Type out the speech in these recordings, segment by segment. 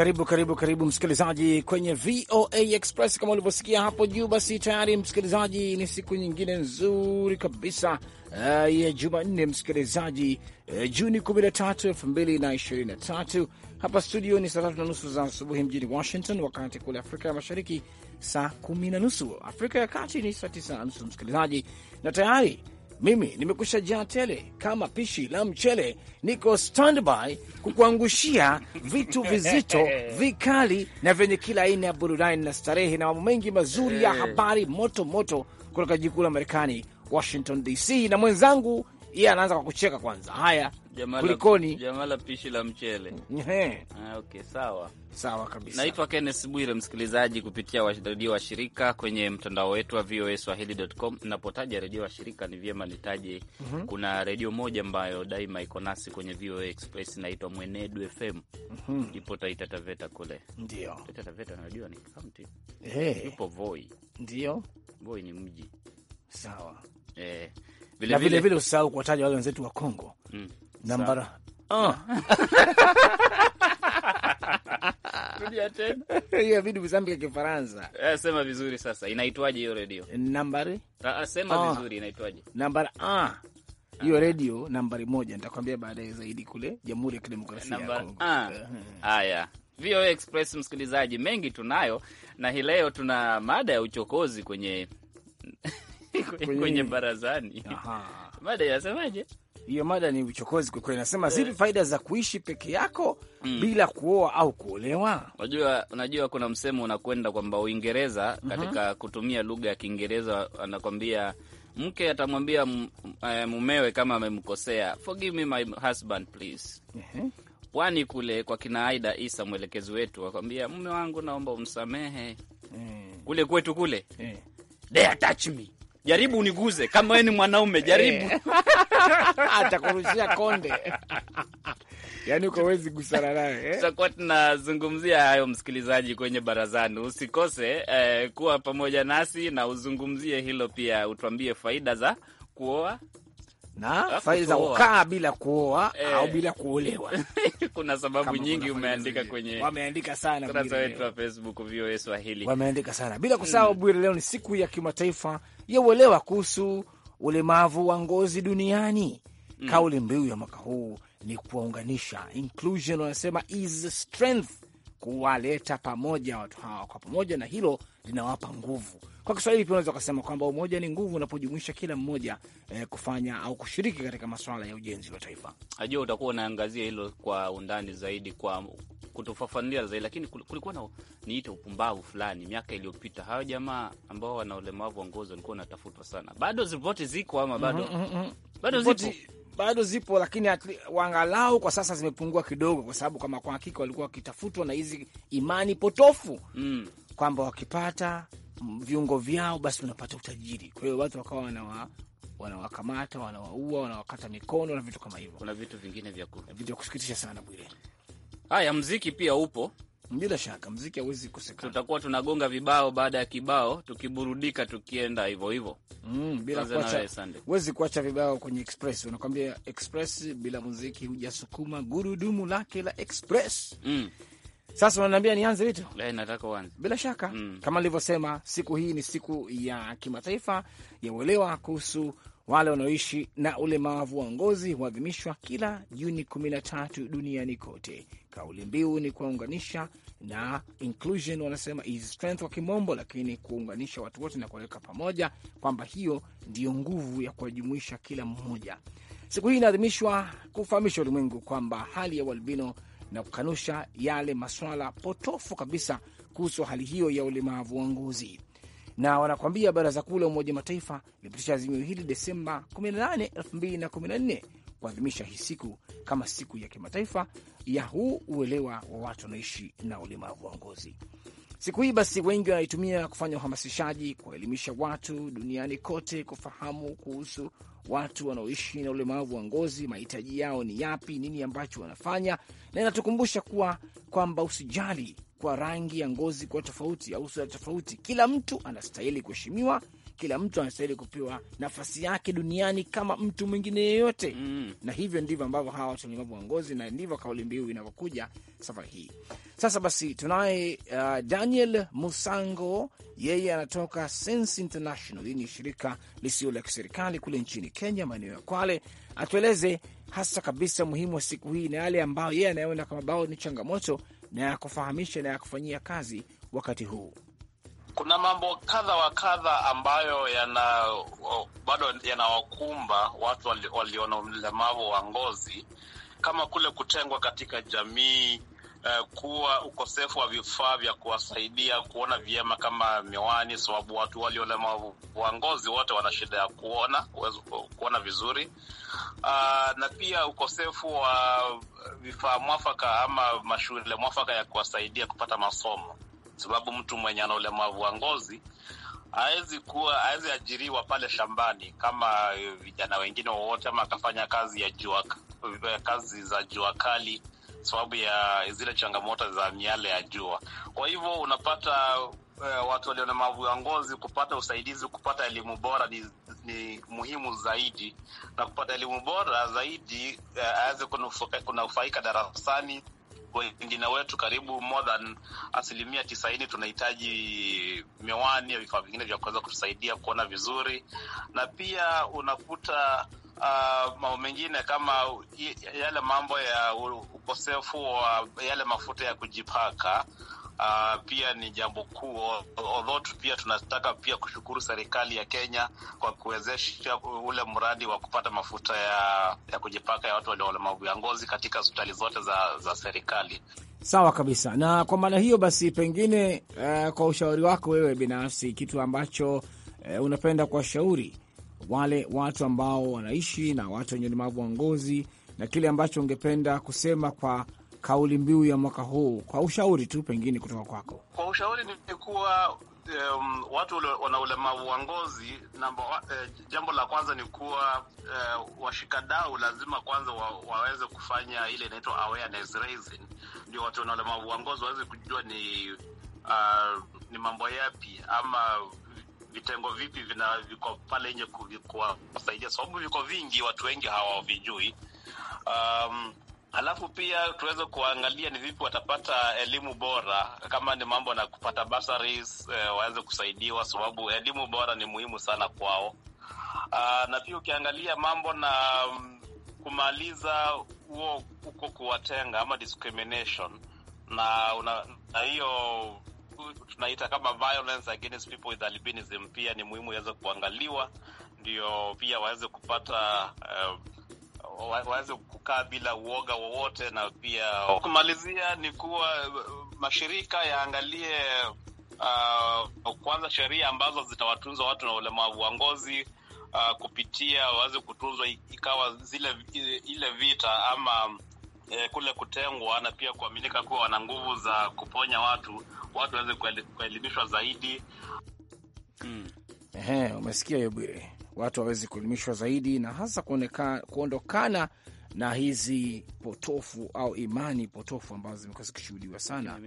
Karibu karibu karibu msikilizaji kwenye VOA Express. Kama ulivyosikia hapo juu, basi tayari msikilizaji, ni siku nyingine nzuri kabisa uh, ya Jumanne msikilizaji, uh, Juni 13, 2023. Hapa studio ni saa tatu na nusu za asubuhi mjini Washington, wakati kule Afrika ya Mashariki saa kumi na nusu, Afrika ya Kati ni saa tisa na nusu msikilizaji, na tayari mimi nimekusha jaa tele kama pishi la mchele, niko standby kukuangushia vitu vizito vikali na vyenye kila aina ya burudani na starehe na mambo mengi mazuri ya eh. habari moto moto kutoka jikuu la Marekani, Washington DC, na mwenzangu yeye yeah, anaanza kwa kucheka kwanza. Haya, kulikoni? Jamaa la pishi la mchele. Eh. Ah, okay, sawa sawa kabisa. Naitwa Kenneth Bwire, msikilizaji kupitia redio wa shirika kwenye mtandao wetu wa VOA Swahili.com. Napotaja redio wa shirika ni vyema nitaje, mm -hmm. kuna redio moja ambayo daima iko nasi kwenye VOA Express inaitwa Mwenedu FM, mm -hmm. ipo Taita Taveta kule, ndio Taita Taveta. Najua ni kaunti hey. Eh. Yupo Voi, ndio Voi ni mji sawa eh vile na vilevile vile usahau kuwataja wale wenzetu wa Kongo mm. nambara oh. hiyo vitu kusambi eh, sema vizuri sasa, inaitwaje hiyo redio nambari? Ah, sema vizuri inaitwaje nambari ah hiyo redio nambari moja, nitakwambia baadaye zaidi kule Jamhuri ya Kidemokrasia ya Kongo. Eh, eh, Haya, VOA Express msikilizaji, mengi tunayo, na hii leo tuna mada ya uchokozi kwenye kwenye, kwenye barazani. Mada yasemaje? Hiyo mada ni uchokozi kwa kweli, nasema eh. zipi faida za kuishi peke yako mm. bila kuoa au kuolewa? Unajua, unajua kuna msemo unakwenda kwamba Uingereza katika mm -hmm. kutumia lugha ya Kiingereza anakwambia mke atamwambia eh, mumewe kama amemkosea, forgive me my husband please. Pwani kule kwa kina Aida Isa, mwelekezi wetu, akwambia mume wangu, naomba umsamehe. mm. kule kwetu kule mm. They me Jaribu uniguze kama wewe ni mwanaume, jaribu eh. atakurushia konde. Yani uko wezi gusana naye. Eh? Tutakuwa tunazungumzia hayo, msikilizaji, kwenye barazani. Usikose eh, kuwa pamoja nasi na uzungumzie hilo pia, utuambie faida za kuoa na faili za kukaa bila kuoa eh, au bila kuolewa kuna sababu Kama nyingi umeandika kwenye wameandika sana kurasa wetu wa Facebook VOA Swahili, wameandika sana bila kusahau mm. Bwire, leo ni siku ya kimataifa ya uelewa kuhusu ulemavu wa ngozi duniani mm. Kauli mbiu ya mwaka huu ni kuwaunganisha, inclusion wanasema is strength kuwaleta pamoja watu hawa kwa pamoja, na hilo linawapa nguvu. Kwa Kiswahili pia unaweza ukasema kwamba umoja ni nguvu unapojumuisha kila mmoja eh, kufanya au kushiriki katika masuala ya ujenzi wa taifa. Najua utakuwa unaangazia hilo kwa undani zaidi, kwa kutofafanulia zaidi, lakini kulikuwa na niite upumbavu fulani miaka iliyopita. Hawa jamaa ambao wana ulemavu wa ngozi walikuwa wanatafutwa sana, bado ripoti ziko ama bado? mm -hmm, mm -hmm. bado zipo bado zipo, lakini wangalau kwa sasa zimepungua kidogo, kwa sababu kama kwa hakika walikuwa wakitafutwa na hizi imani potofu mm, kwamba wakipata viungo vyao basi unapata utajiri. Kwa hiyo watu wakawa wanawa wanawakamata wanawaua, wanawakata mikono na vitu kama hivyo. Kuna vitu vingine vya kusikitisha sana, Bwire. Haya, mziki pia upo bila shaka mziki hauwezi kukosekana. Tutakuwa tunagonga vibao baada ya kibao, tukiburudika, tukienda hivyo hivyo mm, bila kuacha, huwezi kuacha vibao kwenye express. Unakwambia express bila muziki hujasukuma gurudumu lake la express mm. Sasa unaniambia nianze vitu eh, nataka uanze bila shaka mm. Kama nilivyosema, siku hii ni siku ya kimataifa ya uelewa kuhusu wale wanaoishi na ulemavu wa ngozi huadhimishwa kila Juni 13 duniani kote. Kauli mbiu ni kuwaunganisha na inclusion, wanasema is strength kwa kimombo, lakini kuunganisha watu wote na kuwaweka pamoja, kwamba hiyo ndiyo nguvu ya kuwajumuisha kila mmoja. Siku hii inaadhimishwa kufahamisha ulimwengu kwamba hali ya ualbino na kukanusha yale maswala potofu kabisa kuhusu hali hiyo ya ulemavu wa ngozi na wanakwambia Baraza Kuu la Umoja Mataifa lipitisha azimio hili Desemba 18, 2014 kuadhimisha hii siku kama siku ya kimataifa ya huu uelewa wa watu wanaishi na ulemavu wa ngozi. Siku hii basi wengi wanaitumia kufanya uhamasishaji, kuwaelimisha watu duniani kote kufahamu kuhusu watu wanaoishi na ulemavu wa ngozi, mahitaji yao ni yapi, nini ambacho wanafanya, na inatukumbusha kuwa kwamba usijali kwa rangi ya ngozi kwa tofauti au sura tofauti. Kila mtu anastahili kuheshimiwa, kila mtu anastahili kupewa nafasi yake duniani kama mtu mwingine yeyote mm. Na hivyo ndivyo ambavyo hawa watu walemavu wa ngozi, na ndivyo kauli mbiu inavyokuja safari hii. Sasa basi tunaye uh, Daniel Musango, yeye anatoka Sense International. Hii ni shirika lisio la kiserikali kule nchini Kenya, maeneo ya Kwale. Atueleze hasa kabisa muhimu wa siku hii na yale ambayo yeye anayeona kama bao ni changamoto na ya kufahamisha na ya kufanyia kazi wakati huu? Kuna mambo kadha wa kadha ambayo yana bado yanawakumba watu walio na ulemavu wa ngozi, kama kule kutengwa katika jamii uh, kuwa ukosefu wa vifaa vya kuwasaidia kuona vyema kama miwani, sababu watu waliolema ulemavu wa ngozi wote wana shida ya kuona kuona vizuri, uh, na pia ukosefu wa vifaa mwafaka ama mashule mwafaka ya kuwasaidia kupata masomo, sababu mtu mwenye ana ulemavu wa ngozi hawezi kuwa hawezi ajiriwa pale shambani kama vijana wengine wowote, ama akafanya kazi ya jua, eh, kazi za jua kali sababu ya zile changamoto za miale ya jua. Kwa hivyo unapata uh, watu walio na mavu ya ngozi kupata usaidizi, kupata elimu bora ni, ni muhimu zaidi, na kupata elimu bora zaidi eh, aweze uh, kunufaika darasani. Wengine wetu karibu more than asilimia tisaini tunahitaji miwani ya vifaa vingine vya kuweza kutusaidia kuona vizuri, na pia unakuta uh, mambo mengine kama yale mambo ya ukosefu wa yale mafuta ya kujipaka Uh, pia ni jambo kuu although pia tunataka pia kushukuru serikali ya Kenya kwa kuwezesha ule mradi wa kupata mafuta ya, ya kujipaka ya watu walio walemavu ya ngozi katika hospitali zote za, za serikali. Sawa kabisa. Na kwa maana hiyo basi, pengine uh, kwa ushauri wako wewe binafsi, kitu ambacho uh, unapenda kuwashauri wale watu ambao wanaishi na watu wenye ulemavu wa ngozi, na kile ambacho ungependa kusema kwa kauli mbiu ya mwaka huu, kwa ushauri tu pengine kutoka kwako? Kwa ushauri ni kuwa Um, watu wana ulemavu wa ngozi namba, uh, jambo la kwanza ni kuwa uh, washikadau lazima kwanza wa, waweze kufanya ile inaitwa awareness raising, ndio watu wana ulemavu wa ngozi waweze kujua ni uh, ni mambo yapi ama vitengo vipi vina viko pale nje kuwasaidia, sababu viko vingi, watu wengi hawavijui. Um, alafu pia tuweze kuangalia ni vipi watapata elimu bora, kama ni mambo na kupata bursaries eh, waweze kusaidiwa, sababu elimu bora ni muhimu sana kwao. Uh, na pia ukiangalia mambo na um, kumaliza huo huko kuwatenga ama discrimination na una, na hiyo tunaita kama violence against people with albinism, pia ni muhimu iweze kuangaliwa, ndio pia waweze kupata uh, waweze kukaa bila uoga wowote. Na pia kumalizia ni kuwa eh, mashirika yaangalie uh, kwanza sheria ambazo zitawatunza watu na ulemavu wa ngozi uh, kupitia waweze kutunzwa, ikawa zile ile vita ama kule kutengwa na pia kuaminika kuwa wana nguvu za kuponya watu watu waweze kuelimishwa zaidi. Mm. Ehe, umesikia hiyo Bwire, watu waweze kuelimishwa zaidi na hasa kuondokana na hizi potofu au imani potofu ambazo zimekuwa zikishuhudiwa sana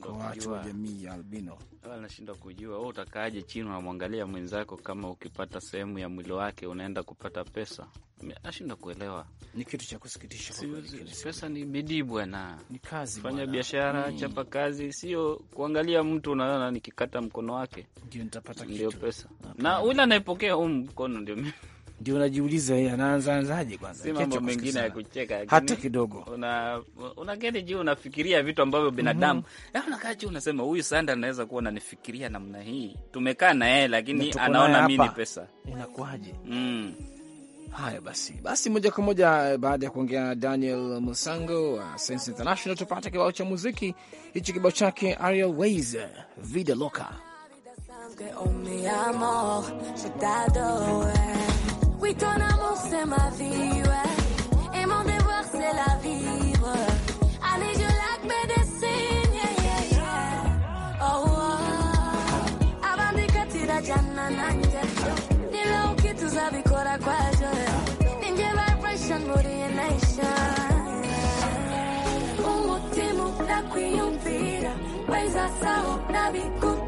kwa watu wa jamii ya albino. Anashindwa kujua wewe utakaaje chini, unamwangalia mwenzako, kama ukipata sehemu ya mwili wake unaenda kupata pesa. nashindwa kuelewa, ni kitu cha kusikitisha. Pesa ni bidii bwana, ni kazi, fanya biashara mm, chapa kazi, sio kuangalia mtu unaona nikikata mkono wake ndio nitapata kitu, ndio pesa na ule anayepokea huu mkono ndio mimi ndio najiuliza yeye eh, anaanza anzaje kwanza, si mambo mengine ya kucheka hata kidogo. Una unaketi juu unafikiria vitu ambavyo binadamu mm -hmm. Eh, unakaa juu unasema, huyu Sanda anaweza kuwa ananifikiria namna hii, tumekaa na yeye lakini anaona mimi ni pesa, inakuwaje? mm. Haya basi, basi moja kwa moja eh, baada ya kuongea na Daniel Musango wa Sense International, tupate kibao cha muziki hichi. Kibao chake Ariel Ways, Vida Loca. Oui, ton amour, c'est ma vie, ouais. Et mon devoir, c'est la vivre. Allez, je lac mes dessins, yeah, yeah, yeah. Oh, wow. Oh. Avant de quitter la janananja. où qui tu sabi, kora, kwa, joya. Ninja vibration, body and nation. Umutima, unakuiumbira. Weza sao, na vikuta.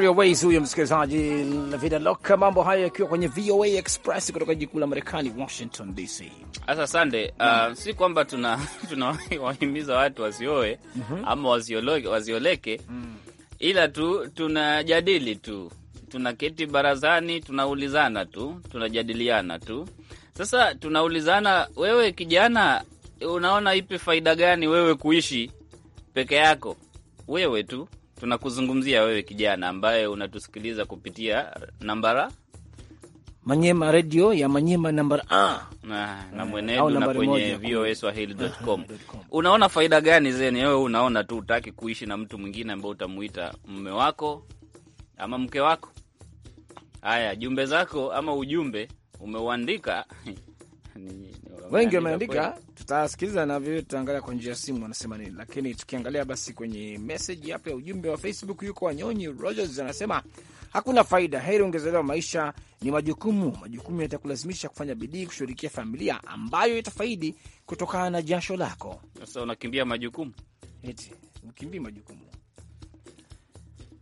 Mario Ways huyo msikilizaji, Vida Loka, mambo hayo yakiwa kwenye VOA Express kutoka jiji kuu la Marekani, Washington DC. Sasa sande, uh, si kwamba tuna tunawahimiza watu wasioe mm -hmm. ama wasioleke, wasioleke mm. ila tu tunajadili tu, tunaketi barazani, tunaulizana tu, tunajadiliana tu. Sasa tunaulizana, wewe kijana, unaona ipi faida gani wewe kuishi peke yako, wewe tu tunakuzungumzia wewe kijana ambaye unatusikiliza kupitia nambara Manyema redio ya Manyema nambara ah, na, na mwenedu na kwenye VOA Swahili.com. Unaona faida gani zeni wewe? Unaona tu utaki kuishi na mtu mwingine ambaye utamuita mume wako ama mke wako. Haya, jumbe zako ama ujumbe umeuandika wengi wameandika, tutasikiliza na vile tutaangalia kwa njia ya simu wanasema nini, lakini tukiangalia basi kwenye meseji hapa ya ujumbe wa Facebook, yuko Wanyonyi Rogers anasema hakuna faida, heri ungezelewa. Maisha ni majukumu, majukumu yatakulazimisha kufanya bidii kushughulikia familia ambayo itafaidi kutokana na jasho lako. Sasa unakimbia majukumu eti ukimbii majukumu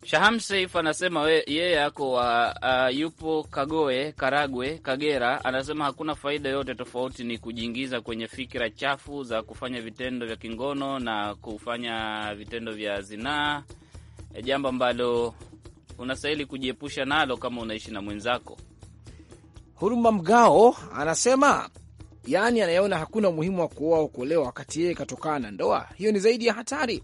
Shaham anasema yeye ako wa uh, yupo Kagoe, Karagwe, Kagera. Anasema hakuna faida yote, tofauti ni kujiingiza kwenye fikira chafu za kufanya vitendo vya kingono na kufanya vitendo vya zinaa, eh, jambo ambalo unastahili kujiepusha nalo kama unaishi na mwenzako. Huruma Mgao anasema yaani, anayeona hakuna umuhimu wa kuoa au kuolewa wakati yeye katokana na ndoa hiyo ni zaidi ya hatari.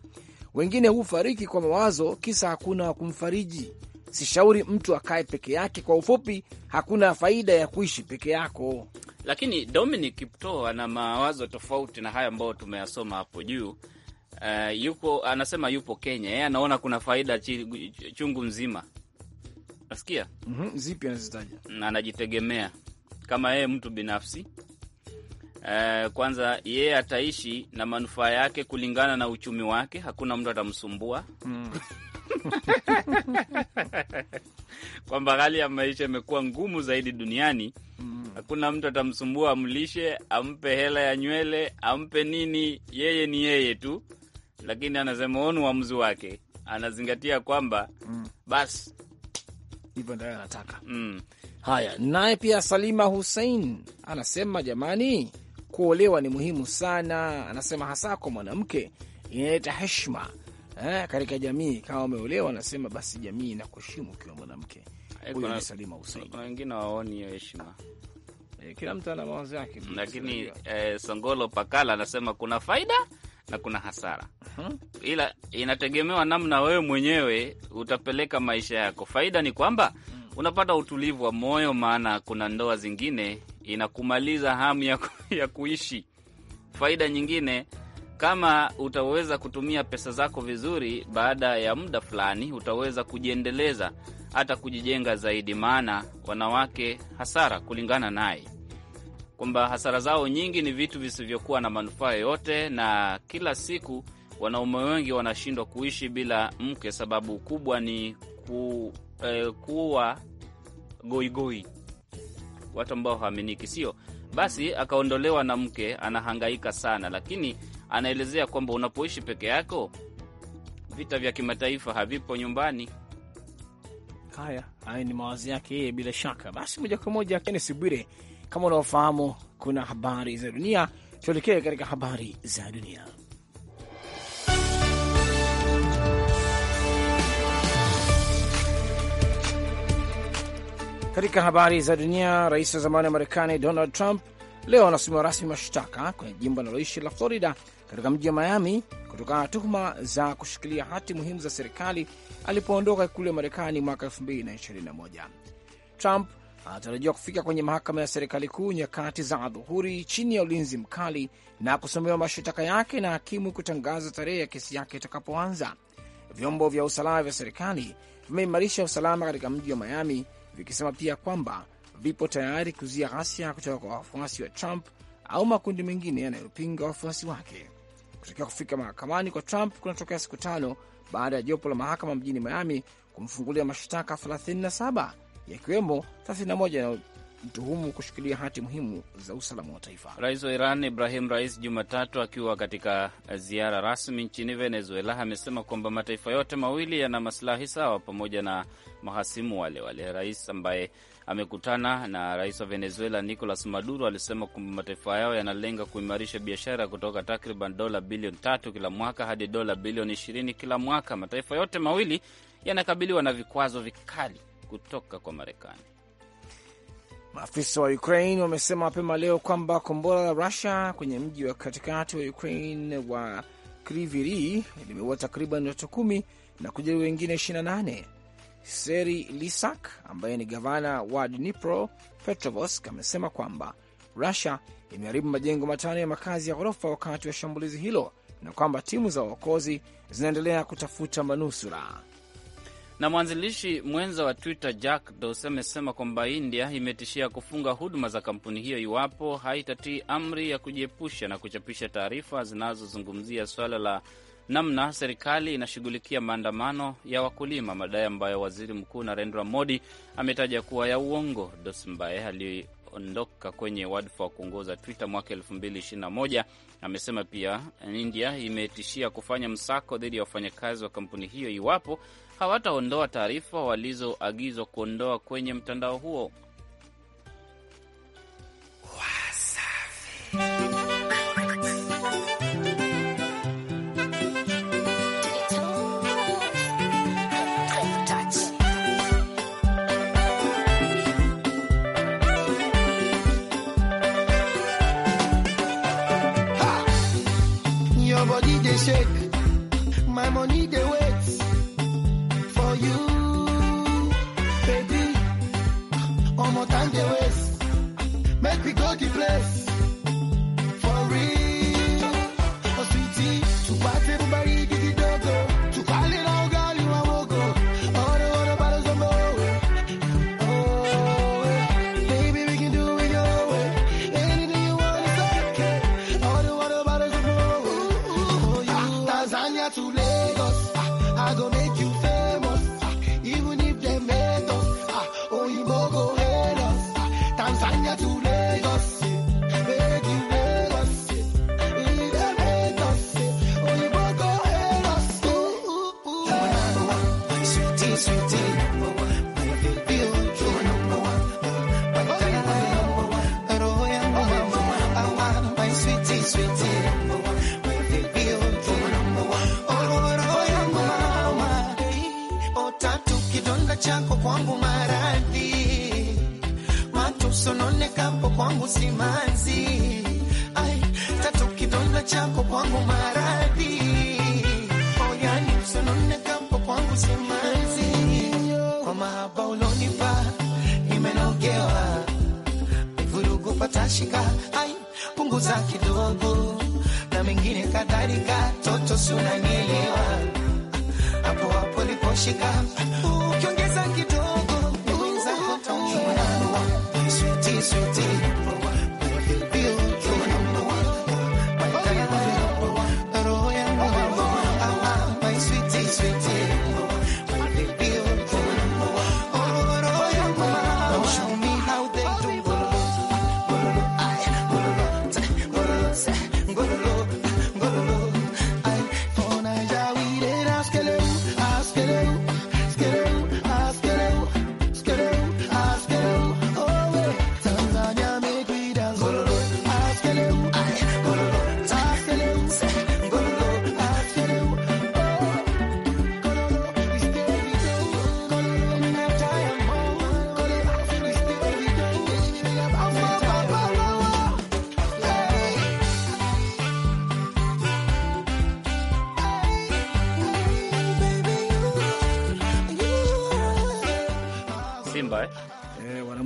Wengine hufariki kwa mawazo, kisa hakuna wa kumfariji. Sishauri mtu akae peke yake. Kwa ufupi, hakuna faida ya kuishi peke yako. Lakini Dominic Kipto ana mawazo tofauti na haya ambayo tumeyasoma hapo juu. Uh, yupo anasema, yupo Kenya, yeye anaona kuna faida chungu mzima. Nasikia mm -hmm, zipi anazitaja, anajitegemea kama yeye mtu binafsi Eh, kwanza yeye ataishi na manufaa yake kulingana na uchumi wake, hakuna mtu atamsumbua mm. kwamba hali ya maisha imekuwa ngumu zaidi duniani mm. hakuna mtu atamsumbua, amlishe, ampe hela ya nywele, ampe nini, yeye ni yeye tu, lakini anasema onu uamuzi wake, anazingatia kwamba mm. basi hivyo ndio anataka mm. Haya, naye pia Salima Hussein anasema jamani kuolewa ni muhimu sana, anasema hasa kwa mwanamke, inaleta heshima eh, katika jamii. Kama umeolewa, anasema basi jamii inakuheshimu ukiwa mwanamke. Eh, Huyu ni Salima Huseini. Kuna wengine waoni hiyo heshima e, kila mtu ana mawazo yake, lakini eh, Songolo Pakala anasema kuna faida na kuna hasara uh mhm. -huh. Ila inategemewa namna wewe mwenyewe utapeleka maisha yako. Faida ni kwamba mm. unapata utulivu wa moyo, maana kuna ndoa zingine inakumaliza hamu ya, ya kuishi. Faida nyingine kama utaweza kutumia pesa zako vizuri, baada ya muda fulani utaweza kujiendeleza, hata kujijenga zaidi. Maana wanawake hasara, kulingana naye kwamba hasara zao nyingi ni vitu visivyokuwa na manufaa yoyote, na kila siku wanaume wengi wanashindwa kuishi bila mke. Sababu kubwa ni ku, eh, kuwa goigoi goi watu ambao haaminiki, sio basi, akaondolewa na mke, anahangaika sana, lakini anaelezea kwamba unapoishi peke yako vita vya kimataifa havipo nyumbani. Haya, haya ni mawazi yake yeye, bila shaka. Basi moja kwa moja, kennes Bwire, kama unaofahamu, kuna habari za dunia. Tuelekee katika habari za dunia. Katika habari za dunia, rais wa zamani wa Marekani Donald Trump leo anasomewa rasmi mashtaka kwenye jimbo analoishi la Florida katika mji wa Miami kutokana na tuhuma za kushikilia hati muhimu za serikali alipoondoka ikulu ya Marekani mwaka 2021. Trump anatarajiwa kufika kwenye mahakama ya serikali kuu nyakati za adhuhuri chini ya ulinzi mkali na kusomewa mashitaka yake na hakimu kutangaza tarehe ya kesi yake itakapoanza. Vyombo vya usalama vya serikali vimeimarisha usalama katika mji wa Miami vikisema pia kwamba vipo tayari kuzia ghasia kutoka kwa wafuasi wa Trump au makundi mengine yanayopinga wafuasi wake. kutokea kufika mahakamani kwa Trump kunatokea siku tano baada ya jopo la mahakama mjini Miami kumfungulia mashtaka 37 yakiwemo 31 mtuhumu kushikilia hati muhimu za usalama wa taifa. Rais wa Iran Ibrahim Rais Jumatatu akiwa katika ziara rasmi nchini Venezuela amesema kwamba mataifa yote mawili yana masilahi sawa pamoja na mahasimu wale wale. Rais ambaye amekutana na rais wa Venezuela Nicolas Maduro alisema kwamba mataifa yao yanalenga kuimarisha biashara kutoka takriban dola bilioni tatu kila mwaka hadi dola bilioni ishirini kila mwaka. Mataifa yote mawili yanakabiliwa na vikwazo vikali kutoka kwa Marekani. Maafisa wa Ukraine wamesema mapema leo kwamba kombora la Rusia kwenye mji wa katikati wa Ukraine wa Kriviri limeua takriban watu kumi na kujeruhi wengine 28. Seri Lisak ambaye ni gavana wa Dnipro Petrovosk amesema kwamba Rusia imeharibu majengo matano ya makazi ya ghorofa wakati wa shambulizi hilo na kwamba timu za uokozi zinaendelea kutafuta manusura. Na mwanzilishi mwenza wa Twitter Jack Dorsey amesema kwamba India imetishia kufunga huduma za kampuni hiyo iwapo haitatii amri ya kujiepusha na kuchapisha taarifa zinazozungumzia swala la namna serikali inashughulikia maandamano ya wakulima, madai ambayo waziri mkuu Narendra Modi ametaja kuwa ya uongo. Dorsey ambaye aliondoka kwenye wadhifa wa kuongoza Twitter mwaka 221 amesema pia India imetishia kufanya msako dhidi ya wafanyakazi wa kampuni hiyo iwapo hawataondoa taarifa walizoagizwa kuondoa kwenye mtandao huo. you, baby. One more time, they waste. Make me go the place for real. Oh, sweetie, to what everybody. kampo kwangu simanzi, ai tatu kidonda chako kwangu maradhi, oyani ai punguza kidogo na mengine kadhalika, toto sunanielewa hapo hapo liposhika ukiongeza sweetie.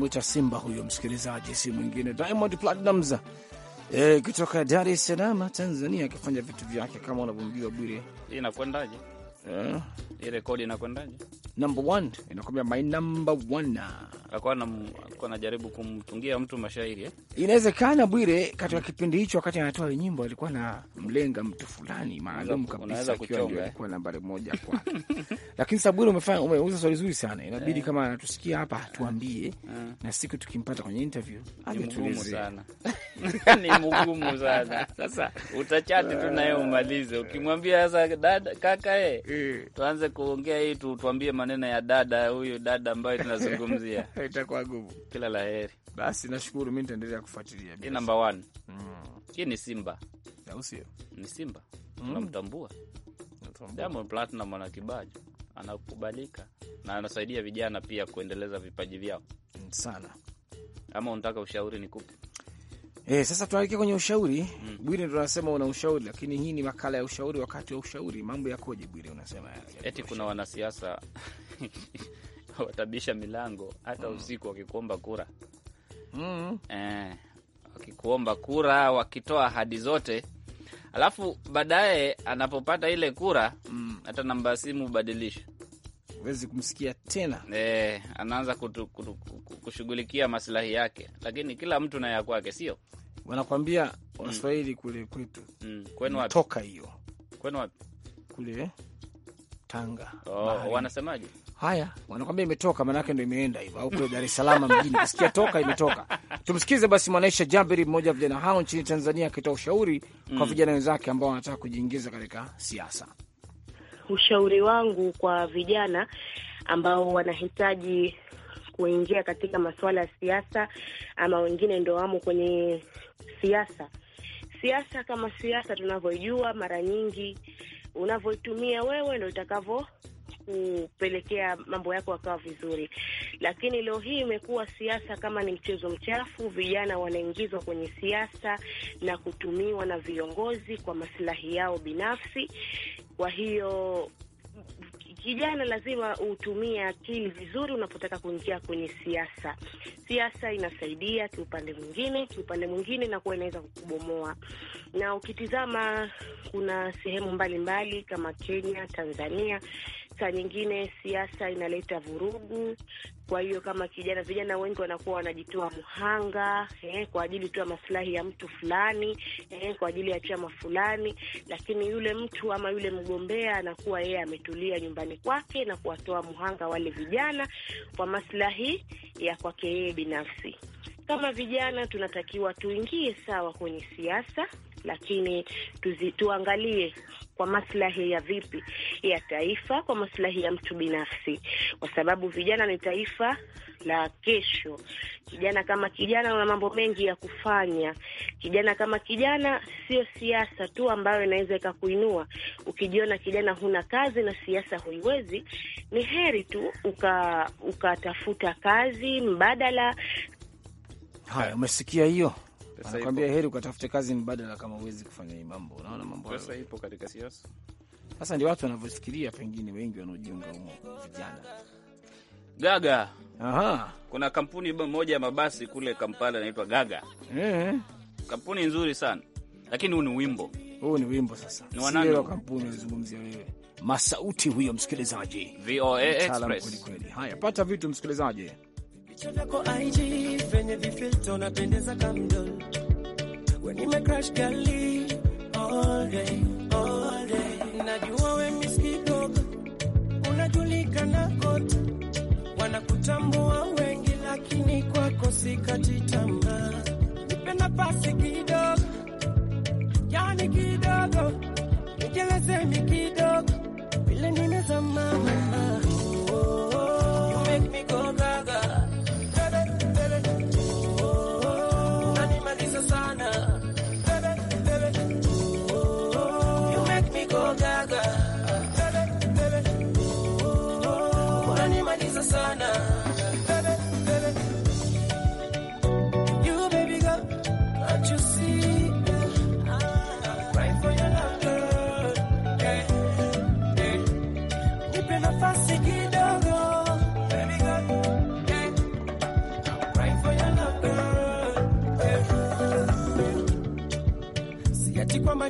cha simba huyo msikilizaji, si mwingine Diamond Platnumz e, eh, kutoka Dar es Salaam Tanzania, akifanya vitu vyake kama unavyomjua Bwire. Inakwendaje? yeah. ile rekodi inakwendaje? Number one inakwambia my number one. Alikuwa anajaribu kumtungia mtu mashairi eh? Inawezekana Bwire, katika kipindi hicho, wakati anatoa nyimbo alikuwa na mlenga mtu fulani maalum kabisa, akiwa ndio eh? alikuwa nambari moja kwa. Lakini sasa Bwire, umefanya umeuza swali zuri sana, inabidi eh. kama anatusikia hapa tuambie, eh. na siku tukimpata kwenye interview aje tueleze sana. Ni mgumu sana sasa, utachati tu naye umalize, ukimwambia sasa dada kaka eh tuanze kuongea hii tu, maneno ya dada huyu dada ambayo tunazungumzia itakuwa gumu. Kila la heri basi, nashukuru. Mi nitaendelea kufuatilia hii namba one. Mm. Hii ni Simba au sio? Ni Simba, Mm. Diamond Platinum, ana kibaji, anakubalika na anasaidia vijana pia kuendeleza vipaji vyao sana. Ama unataka ushauri nikupe? E, sasa tuelekee kwenye ushauri mm. Bwire ndo anasema una ushauri, lakini hii ni makala ya ushauri. Wakati wa ushauri mambo yakoje, Bwire? Unasema eti kuna wanasiasa watabisha milango hata mm. usiku wakikuomba kura mm. eh, wakikuomba kura wakitoa ahadi zote, alafu baadaye anapopata ile kura mm. hata namba ya simu hubadilisha hawezi kumsikia tena e, anaanza kushughulikia masilahi yake, lakini kila mtu na ya kwake, sio wanakwambia mm. Waswahili mm. kule kwetu mm. kwenu wapi? toka hiyo kwenu wapi? kule Tanga. Oh, wanasemaje? Haya, wanakwambia imetoka, maanake ndo imeenda hivo, au kule Dar es Salaam mjini kusikia toka imetoka. Tumsikize basi Mwanaisha Jabiri, mmoja wa vijana hao nchini Tanzania, akitoa ushauri mm. kwa vijana wenzake ambao wanataka kujiingiza katika siasa ushauri wangu kwa vijana ambao wanahitaji kuingia katika masuala ya siasa ama wengine ndo wamo kwenye siasa. Siasa kama siasa tunavyojua mara nyingi unavyoitumia wewe ndo itakavyo kupelekea mambo yako yakawa vizuri, lakini leo hii imekuwa siasa kama ni mchezo mchafu. Vijana wanaingizwa kwenye siasa na kutumiwa na viongozi kwa maslahi yao binafsi, kwa hiyo kijana lazima utumie akili vizuri unapotaka kuingia kwenye siasa. Siasa inasaidia kiupande mwingine, kiupande mwingine inakuwa inaweza kukubomoa. Na ukitizama kuna sehemu mbalimbali mbali, kama Kenya, Tanzania saa nyingine siasa inaleta vurugu. Kwa hiyo kama kijana, vijana wengi wanakuwa wanajitoa mhanga eh, kwa ajili tu ya maslahi ya mtu fulani eh, kwa ajili ya chama fulani, lakini yule mtu ama yule mgombea anakuwa yeye ametulia nyumbani kwake na kuwatoa mhanga wale vijana kwa maslahi ya kwake yeye binafsi. Kama vijana tunatakiwa tuingie sawa kwenye siasa lakini tuzi, tuangalie kwa maslahi ya vipi ya taifa, kwa maslahi ya mtu binafsi, kwa sababu vijana ni taifa la kesho. Kijana kama kijana, una mambo mengi ya kufanya. Kijana kama kijana, sio siasa tu ambayo inaweza ikakuinua. Ukijiona kijana huna kazi na siasa huiwezi, ni heri tu ukatafuta uka kazi mbadala. Haya, umesikia hiyo anakwambia heri ukatafute kazi mbadala kama uwezi kufanya hii mambo. Unaona mambo hayo, pesa ipo katika siasa. Sasa ndio watu wanavyofikiria, pengine wengi wanaojiunga humo vijana Gaga. Aha. Kuna kampuni moja ya mabasi kule Kampala inaitwa Gaga. Eh. Kampuni nzuri sana. Lakini huu ni wimbo. Huu ni wimbo sasa. Ni wanani wa kampuni unazungumzia wewe? Masauti huyo msikilizaji. VOA Express. Haya, pata vitu msikilizaji vicho vyako IG venye vifilto napendeza kamdol we nime crash gali all day all day, najua we miskidogo unajulikana kote, wanakutambua wengi, lakini kwako sikati tamaa. Nipe nafasi kidogo, yani kidogo, nijelezeni kidogo vile nimezama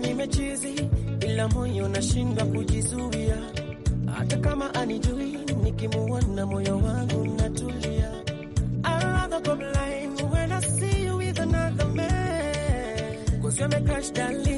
nimechizi, ila moyo nashindwa kujizuia. Hata kama anijui, nikimuona moyo wangu natulia. I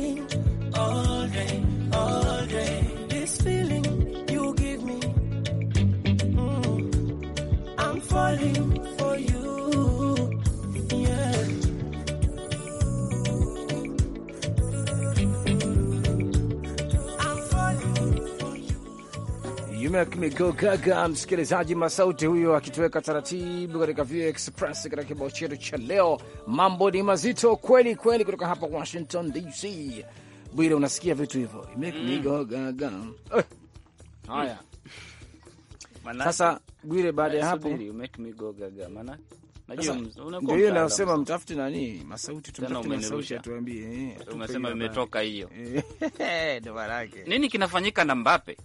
Frank Migogaga, msikilizaji masauti huyo akitoweka taratibu katika VOA Express katika kibao chetu cha leo. Mambo ni mazito kweli kweli, kutoka hapa Washington DC. Bwire, unasikia vitu hivyo, Migogaga. Mm. Eh. Eh. Haya, sasa Bwire, baada ya eh, hapo ndio hiyo nasema, mtafute nani masauti, tumtafute masauti Umesema imetoka hiyo, nini kinafanyika na Mbape?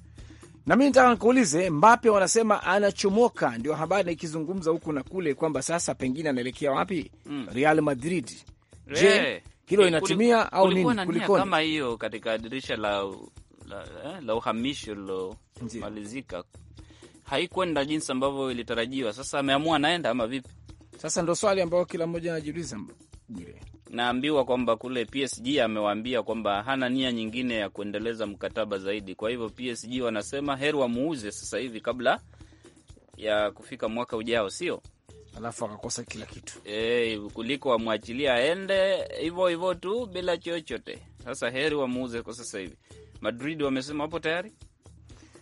na mi nitaka nikuulize, Mbape wanasema anachomoka, ndio habari ikizungumza huku na kule kwamba sasa pengine anaelekea wapi? mm. Real Madrid. Eh, Je, eh, hilo inatimia au nini? Kulikoni kama hiyo katika dirisha la, la, eh, la, la uhamishi ulilomalizika haikwenda jinsi ambavyo ilitarajiwa. Sasa ameamua anaenda ama vipi? Sasa ndo swali ambayo kila mmoja anajiuliza naambiwa kwamba kule PSG amewaambia kwamba hana nia nyingine ya kuendeleza mkataba zaidi. Kwa hivyo PSG wanasema heri wamuuze sasa hivi kabla ya kufika mwaka ujao, sio alafu akakosa kila kitu e, kuliko wamwachilia aende hivo hivo tu bila chochote. Sasa heri wamuuze kwa sasa hivi. Madrid wamesema wapo tayari.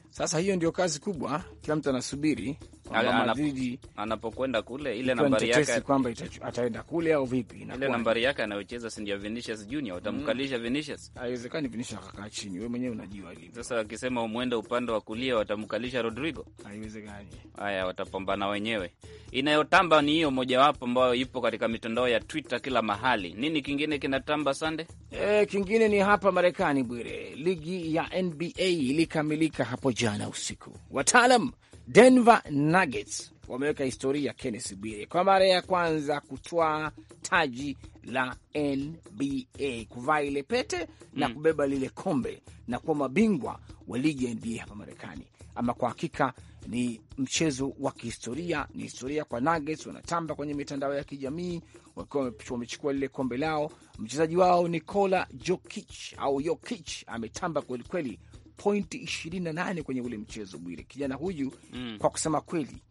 Sasa hiyo ndio kazi kubwa, kila mtu anasubiri Madridi anapokwenda kule, ile nambari yake kwamba ataenda kule au vipi? Ile nambari yake anayocheza si ndio Vinicius Junior? Watamkalisha mm. Vinicius? Haiwezekani Vinicius akakaa chini, wewe mwenyewe unajua hili. Sasa akisema umwende upande wa kulia, watamkalisha Rodrigo? Haiwezekani. Haya, watapambana wenyewe. Inayotamba ni hiyo mojawapo ambayo ipo katika mitandao ya Twitter kila mahali. Nini kingine kinatamba Sande? E, kingine ni hapa Marekani, Bwire, ligi ya NBA ilikamilika hapo jana usiku, wataalam Denver Nuggets wameweka historia, kennes Bwire, kwa mara ya kwanza kutwaa taji la NBA, kuvaa ile pete na mm. kubeba lile kombe na kuwa mabingwa wa ligi ya NBA hapa Marekani. Ama kwa hakika ni mchezo wa kihistoria, ni historia kwa Nuggets. Wanatamba kwenye mitandao ya kijamii wakiwa wamechukua lile kombe lao. Mchezaji wao Nikola Jokic au Jokic ametamba kwelikweli point 28 kwenye ule mchezo Bwire. Kijana huyu mm. kwa kusema kweli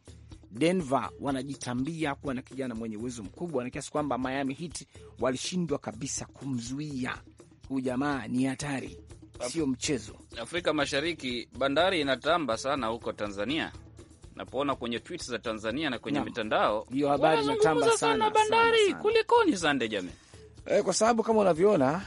Denver wanajitambia kuwa na kijana mwenye uwezo mkubwa na kiasi kwamba Miami Heat walishindwa kabisa kumzuia huyu jamaa. Ni hatari, sio mchezo. Afrika Mashariki, Bandari inatamba sana huko Tanzania, napoona kwenye tweets za Tanzania na kwenye no. mitandao hiyo habari inatamba sana. Bandari kulikoni, sande jamii E, kwa sababu kama unavyoona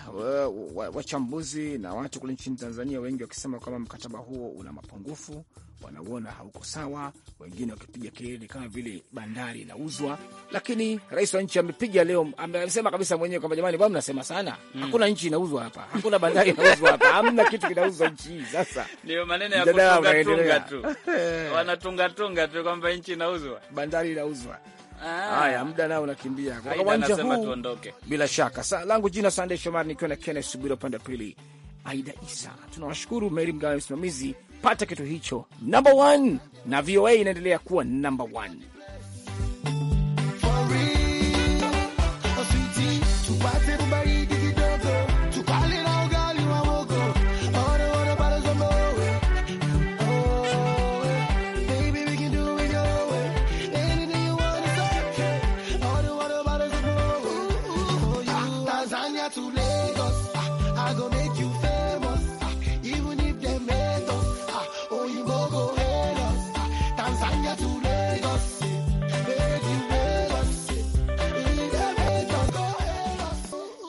wachambuzi wa, wa na watu kule nchini Tanzania wengi wakisema kwamba mkataba huo una mapungufu, wanauona hauko sawa, wengine wakipiga kelele kama vile bandari inauzwa. Lakini rais wa nchi amepiga leo, amesema kabisa mwenyewe kwamba jamani, bwana, mnasema sana mm. hakuna nchi inauzwa hapa, hakuna bandari inauzwa hapa, hamna kitu kinauzwa nchi hii. Sasa ndio maneno ya kutunga tunga tu eh. wanatunga tunga tu kwamba nchi inauzwa, bandari inauzwa Ah. Haya, muda nao unakimbia kwa uwanja huu tuondoke. Bila shaka sa langu jina Sandey Shomari, nikiwa na Kenneth Subira upande wa pili, Aida Isa. Tunawashukuru Meri Mgawe msimamizi, pata kitu hicho number 1 na VOA inaendelea kuwa number 1.